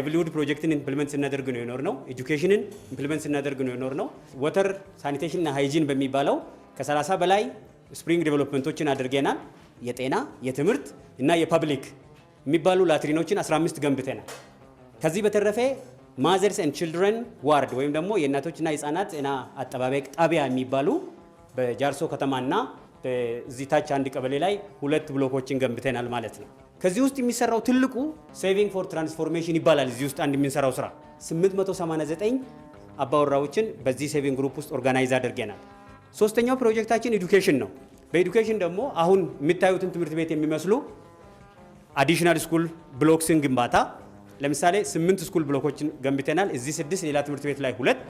ላይቭሊሁድ ፕሮጀክትን ኢምፕሊመንት ስናደርግ ነው የኖር ነው። ኤጁኬሽንን ኢምፕሊመንት ስናደርግ ነው የኖር ነው። ወተር ሳኒቴሽንና ሃይጂን በሚባለው ከ30 በላይ ስፕሪንግ ዴቨሎፕመንቶችን አድርገናል። የጤና የትምህርት እና የፐብሊክ የሚባሉ ላትሪኖችን 15 ገንብተናል። ከዚህ በተረፈ ማዘርስ ኤንድ ችልድረን ዋርድ ወይም ደግሞ የእናቶችና የህፃናት ጤና አጠባበቅ ጣቢያ የሚባሉ በጃርሶ ከተማና እዚህ ታች አንድ ቀበሌ ላይ ሁለት ብሎኮችን ገንብተናል ማለት ነው። ከዚህ ውስጥ የሚሰራው ትልቁ ሴቪንግ ፎር ትራንስፎርሜሽን ይባላል። እዚህ ውስጥ አንድ የምንሰራው ስራ 889 አባወራዎችን በዚህ ሴቪንግ ግሩፕ ውስጥ ኦርጋናይዝ አድርገናል። ሶስተኛው ፕሮጀክታችን ኤዱኬሽን ነው። በኤዱኬሽን ደግሞ አሁን የምታዩትን ትምህርት ቤት የሚመስሉ አዲሽናል ስኩል ብሎክስን ግንባታ ለምሳሌ ስምንት ስኩል ብሎኮችን ገንብተናል። እዚህ ስድስት ሌላ ትምህርት ቤት ላይ ሁለት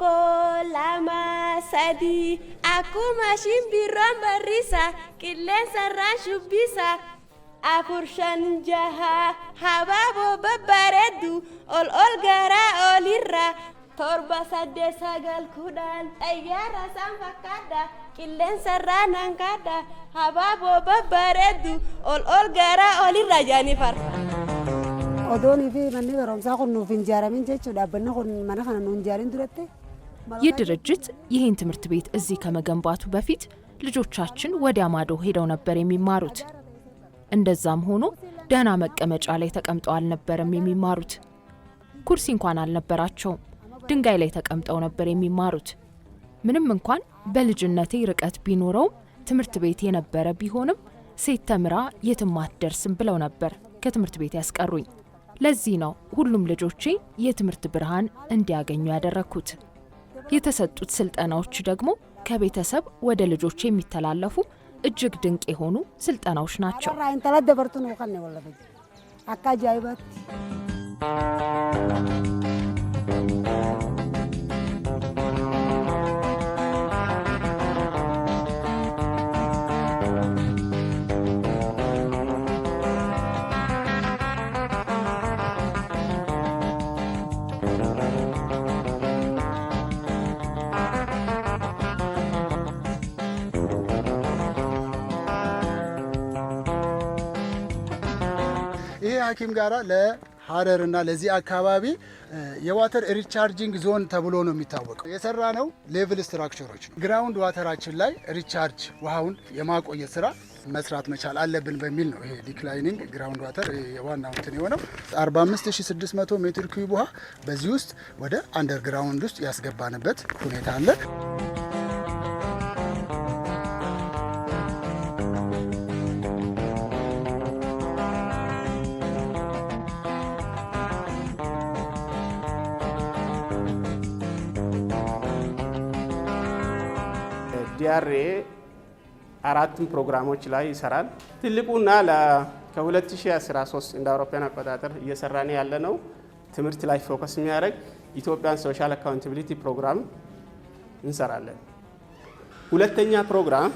lama sadi Aku masih biron berisa Kilen bisa aku Afursan Haba boba baredu, Ol ol gara olira Torba sade sagal kudan ayara samfa kada Kilen sarang kada boba baredu, Ol ol gara olirra janifar Odoonii fi manni barumsaa kun nuvin jaramin cecu, jechuudha. benar. kun mana kana nuun tuh duratte ይህ ድርጅት ይህን ትምህርት ቤት እዚህ ከመገንባቱ በፊት ልጆቻችን ወዲያ ማዶ ሄደው ነበር የሚማሩት። እንደዛም ሆኖ ደህና መቀመጫ ላይ ተቀምጠው አልነበረም የሚማሩት። ኩርሲ እንኳን አልነበራቸውም። ድንጋይ ላይ ተቀምጠው ነበር የሚማሩት። ምንም እንኳን በልጅነቴ ርቀት ቢኖረውም ትምህርት ቤት የነበረ ቢሆንም ሴት ተምራ የትም አትደርስም ብለው ነበር ከትምህርት ቤት ያስቀሩኝ። ለዚህ ነው ሁሉም ልጆቼ የትምህርት ብርሃን እንዲያገኙ ያደረግኩት። የተሰጡት ስልጠናዎች ደግሞ ከቤተሰብ ወደ ልጆች የሚተላለፉ እጅግ ድንቅ የሆኑ ስልጠናዎች ናቸው። አካጃይበት ሐኪም ጋራ ለሀረር እና ለዚህ አካባቢ የዋተር ሪቻርጂንግ ዞን ተብሎ ነው የሚታወቀው። የሰራ ነው ሌቭል ስትራክቸሮች ነው። ግራውንድ ዋተራችን ላይ ሪቻርጅ ውሃውን የማቆየት ስራ መስራት መቻል አለብን በሚል ነው ይሄ ዲክላይኒንግ ግራውንድ ዋተር ዋና እንትን የሆነው 45600 ሜትር ኪዩብ ውሃ በዚህ ውስጥ ወደ አንደርግራውንድ ውስጥ ያስገባንበት ሁኔታ አለ። ዲያርኤ አራትም ፕሮግራሞች ላይ ይሰራል። ትልቁና ከ2013 እንደ አውሮፓውያን አቆጣጠር እየሰራን ያለ ነው ትምህርት ላይ ፎከስ የሚያደርግ ኢትዮጵያን ሶሻል አካውንታቢሊቲ ፕሮግራም እንሰራለን። ሁለተኛ ፕሮግራም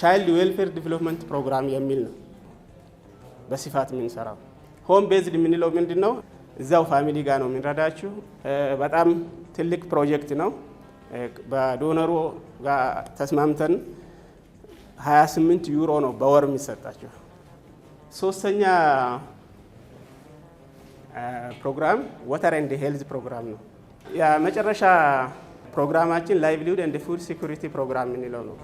ቻይልድ ዌልፌር ዲቨሎፕመንት ፕሮግራም የሚል ነው። በስፋት የምንሰራው ሆም ቤዝድ የምንለው ምንድን ነው? እዛው ፋሚሊ ጋር ነው የምንረዳችሁ። በጣም ትልቅ ፕሮጀክት ነው። በዶነሩ ጋር ተስማምተን 28 ዩሮ ነው በወር የሚሰጣቸው። ሶስተኛ ፕሮግራም ወተር ኤንድ ሄልዝ ፕሮግራም ነው። የመጨረሻ ፕሮግራማችን ላይቭሊሁድ ኤንድ ፉድ ሴኩሪቲ ፕሮግራም የምንለው ነው።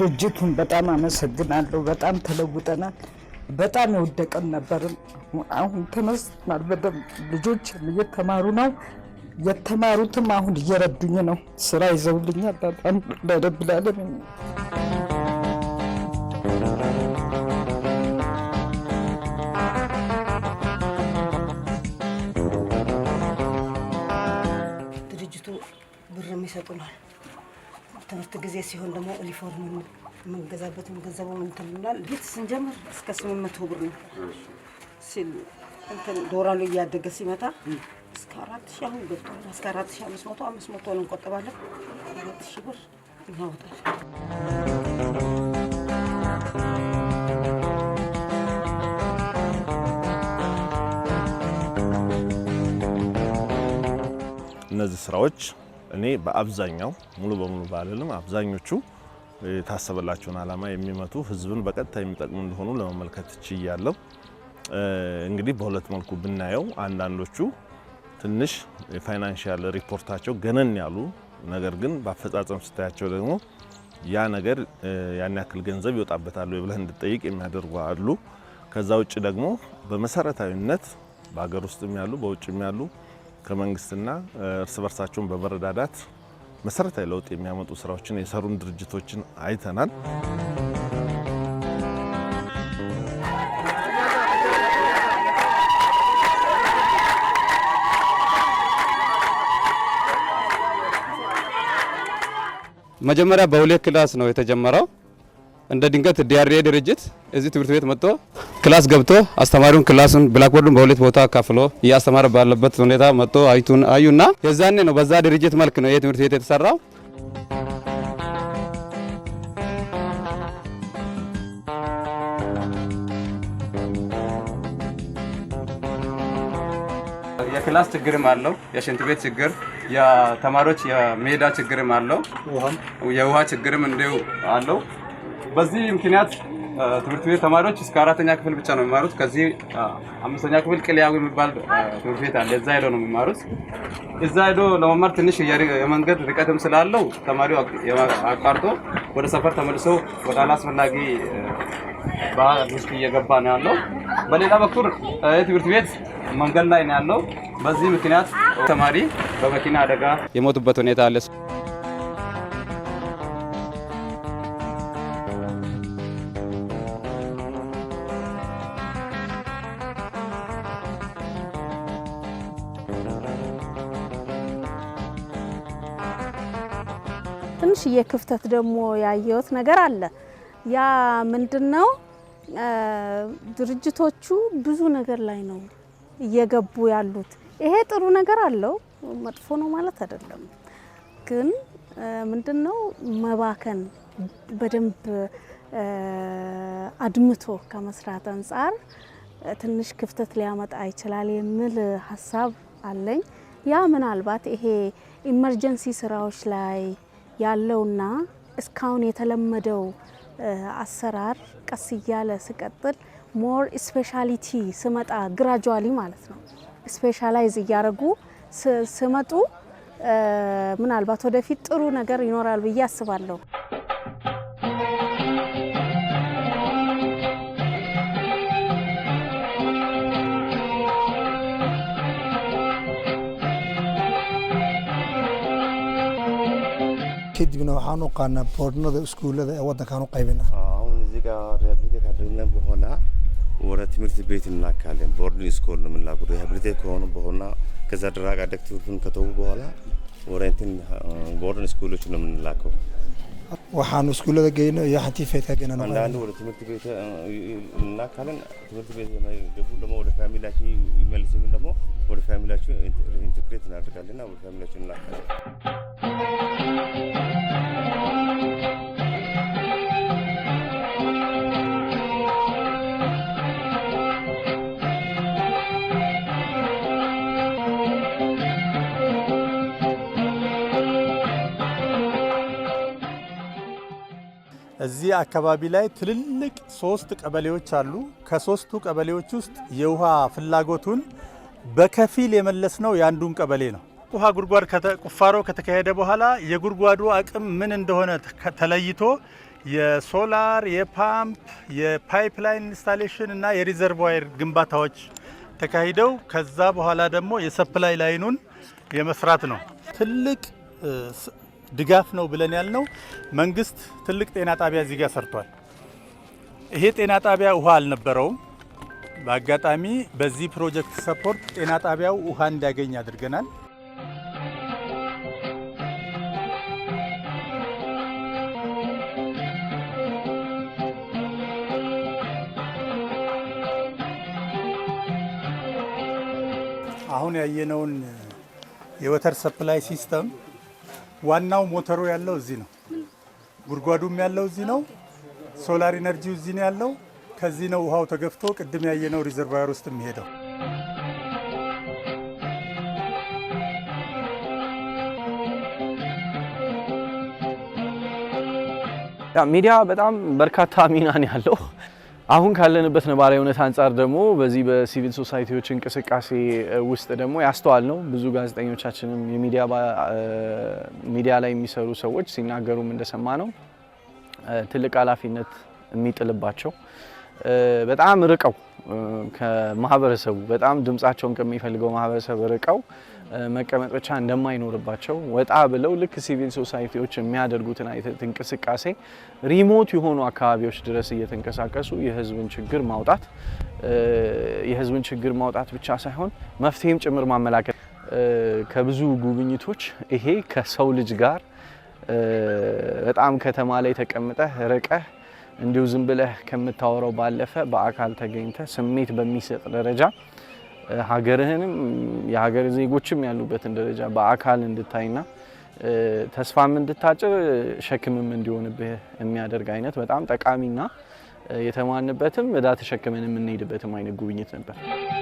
ድርጅቱን በጣም አመሰግናለሁ። በጣም ተለውጠናል። በጣም የወደቀን ነበርን። አሁን ተነስተናል። በደምብ ልጆች እየተማሩ ነው። የተማሩትም አሁን እየረዱኝ ነው። ስራ ይዘውልኛል። በጣም ለደብላለን ድርጅቱ ብርም ይሰጡናል ትምህርት ጊዜ ሲሆን ደግሞ ዩኒፎርም የምንገዛበትን ገንዘቡ እንትን ብሏል። ቤት ስንጀምር እስከ ስምንት መቶ ብር ነው ሲሉ እንትን ዶላሩ እያደገ ሲመጣ እስከ አራት ሺህ አሁን ገብቷል። እስከ አራት ሺህ አምስት መቶ አምስት መቶ እንቆጥባለን። አራት ሺህ ብር እናወጣል። እነዚህ ስራዎች እኔ በአብዛኛው ሙሉ በሙሉ ባልልም አብዛኞቹ የታሰበላቸውን አላማ የሚመቱ ህዝብን በቀጥታ የሚጠቅሙ እንደሆኑ ለመመልከት ችያለሁ። እንግዲህ በሁለት መልኩ ብናየው አንዳንዶቹ ትንሽ የፋይናንሽያል ሪፖርታቸው ገነን ያሉ ነገር ግን በአፈጻጸም ስታያቸው ደግሞ ያ ነገር ያን ያክል ገንዘብ ይወጣበታሉ ብለህ እንድጠይቅ የሚያደርጉ አሉ። ከዛ ውጭ ደግሞ በመሰረታዊነት በሀገር ውስጥም ያሉ በውጭም ያሉ ከመንግስትና እርስ በርሳቸውን በመረዳዳት መሰረታዊ ለውጥ የሚያመጡ ስራዎችን የሰሩን ድርጅቶችን አይተናል። መጀመሪያ በሁለት ክላስ ነው የተጀመረው። እንደ ድንገት ዲያርዲኤ ድርጅት እዚህ ትምህርት ቤት መጥቶ ክላስ ገብቶ አስተማሪውን ክላሱን ብላክቦርዱን በሁለት ቦታ ካፍሎ እያስተማረ ባለበት ሁኔታ መጥቶ አይቱን አዩና የዛኔ ነው በዛ ድርጅት መልክ ነው ይህ ትምህርት ቤት የተሰራው። የክላስ ችግርም አለው፣ የሽንት ቤት ችግር፣ የተማሪዎች የሜዳ ችግርም አለው፣ የውሃ ችግርም እንዲሁ አለው። በዚህ ምክንያት ትምህርት ቤት ተማሪዎች እስከ አራተኛ ክፍል ብቻ ነው የሚማሩት። ከዚህ አምስተኛ ክፍል ቅልያዊ የሚባል ትምህርት ቤት አለ። እዛ ሄዶ ነው የሚማሩት። እዛ ሄዶ ለመማር ትንሽ የመንገድ ርቀትም ስላለው ተማሪው አቋርጦ ወደ ሰፈር ተመልሶ ወደ አላስፈላጊ ባህል ውስጥ እየገባ ነው ያለው። በሌላ በኩል ትምህርት ቤት መንገድ ላይ ነው ያለው። በዚህ ምክንያት ተማሪ በመኪና አደጋ የሞቱበት ሁኔታ አለ። ትንሽዬ ክፍተት ደግሞ ያየሁት ነገር አለ። ያ ምንድን ነው? ድርጅቶቹ ብዙ ነገር ላይ ነው እየገቡ ያሉት። ይሄ ጥሩ ነገር አለው፣ መጥፎ ነው ማለት አይደለም። ግን ምንድን ነው መባከን በደንብ አድምቶ ከመስራት አንጻር ትንሽ ክፍተት ሊያመጣ ይችላል የሚል ሀሳብ አለኝ። ያ ምናልባት ይሄ ኢመርጀንሲ ስራዎች ላይ ያለውና እስካሁን የተለመደው አሰራር ቀስ እያለ ስቀጥል ሞር ስፔሻሊቲ ስመጣ ግራጁዋሊ ማለት ነው ስፔሻላይዝ እያደረጉ ስመጡ ምናልባት ወደፊት ጥሩ ነገር ይኖራል ብዬ አስባለሁ። kadibna waxaan u qaanaa boornada iskuullada ee waddankaan u qaybina አሁን እዚህ ጋር ሪሃብሊቴ ካደረግነን በኋላ ወደ ትምህርት ቤት እንላካለን። ቦርዲንግ ስኩል ነው የምንላኩ ሪሃብሊቴ ከሆኑ በኋላ ከዛ ደረቅ አደግ ትምህርቱን ከተዉ በኋላ ወደ እንትን ቦርዲንግ ስኩሎች ነው የምንላከው። waxaan iskuullada geyno iyo waxaan tiifeedka geynan አንዳንዱ ወደ ትምህርት ቤት እና ካለን ትምህርት ቤት ገቡ ደግሞ ወደ ፋሚሊያችን ይመልስም ደግሞ ወደ ፋሚሊያችን ኢንትግሬት እናደርጋለንና ወደ ፋሚሊያችን እናካለን እዚህ አካባቢ ላይ ትልልቅ ሶስት ቀበሌዎች አሉ። ከሶስቱ ቀበሌዎች ውስጥ የውሃ ፍላጎቱን በከፊል የመለስ ነው የአንዱን ቀበሌ ነው። ውሃ ጉድጓድ ቁፋሮ ከተካሄደ በኋላ የጉድጓዱ አቅም ምን እንደሆነ ተለይቶ የሶላር፣ የፓምፕ፣ የፓይፕላይን ኢንስታሌሽን እና የሪዘርቫየር ግንባታዎች ተካሂደው ከዛ በኋላ ደግሞ የሰፕላይ ላይኑን የመስራት ነው። ትልቅ ድጋፍ ነው ብለን ያልነው መንግስት ትልቅ ጤና ጣቢያ እዚህ ጋር ሰርቷል። ይሄ ጤና ጣቢያ ውሃ አልነበረውም። በአጋጣሚ በዚህ ፕሮጀክት ሰፖርት ጤና ጣቢያው ውሃ እንዲያገኝ አድርገናል። አሁን ያየነውን የወተር ሰፕላይ ሲስተም ዋናው ሞተሩ ያለው እዚህ ነው። ጉድጓዱም ያለው እዚህ ነው። ሶላር ኢነርጂው እዚህ ነው ያለው። ከዚህ ነው ውሃው ተገፍቶ ቅድም ያየነው ሪዘርቫየር ውስጥ የሚሄደው። ሚዲያ በጣም በርካታ ሚና ነው ያለው አሁን ካለንበት ነባራዊ እውነት አንጻር ደግሞ በዚህ በሲቪል ሶሳይቲዎች እንቅስቃሴ ውስጥ ደግሞ ያስተዋል ነው ብዙ ጋዜጠኞቻችንም ሚዲያ ላይ የሚሰሩ ሰዎች ሲናገሩም እንደሰማ ነው ትልቅ ኃላፊነት የሚጥልባቸው በጣም ርቀው ከማህበረሰቡ በጣም ድምጻቸውን ከሚፈልገው ማህበረሰብ ርቀው መቀመጥ ብቻ እንደማይኖርባቸው ወጣ ብለው ልክ ሲቪል ሶሳይቲዎች የሚያደርጉትን አይነት እንቅስቃሴ ሪሞት የሆኑ አካባቢዎች ድረስ እየተንቀሳቀሱ የህዝብን ችግር ማውጣት የህዝብን ችግር ማውጣት ብቻ ሳይሆን መፍትሄም ጭምር ማመላከት ከብዙ ጉብኝቶች ይሄ ከሰው ልጅ ጋር በጣም ከተማ ላይ ተቀምጠህ ርቀህ እንዲሁ ዝም ብለህ ከምታወረው ባለፈ በአካል ተገኝተ ስሜት በሚሰጥ ደረጃ ሀገርህንም የሀገር ዜጎችም ያሉበትን ደረጃ በአካል እንድታይና ተስፋም እንድታጭር ሸክምም እንዲሆንብህ የሚያደርግ አይነት በጣም ጠቃሚና የተማንበትም እዳ ተሸክመን የምንሄድበትም አይነት ጉብኝት ነበር።